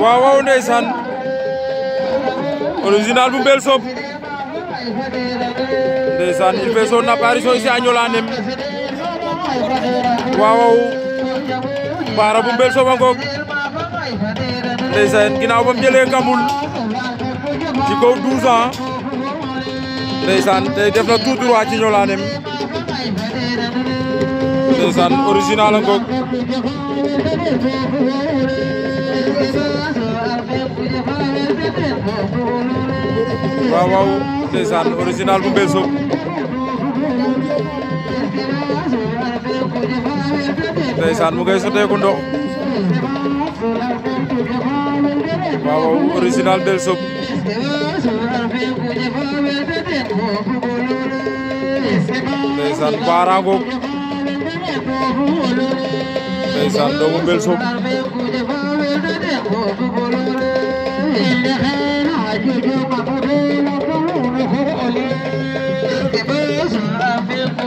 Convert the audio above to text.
waaw waaw ndeysaan original bu Mbel Sob ndeysaan il fait son apparition ici à Niolanem waaw waaw baara bu Mbel Sob a ngoog ndeysaan ginnaaw ba mu jëlee Gamboul ci kaw 12 ans tey def na tout droit ci Niolanem ndeysaan original a ngoog waaw waaw ndeysaan original bu Mbeso ndeysaan mu ngay soteeku ndox waaw waaw original Belsob ndeysaan baaraango ndeysaan doomu Belsob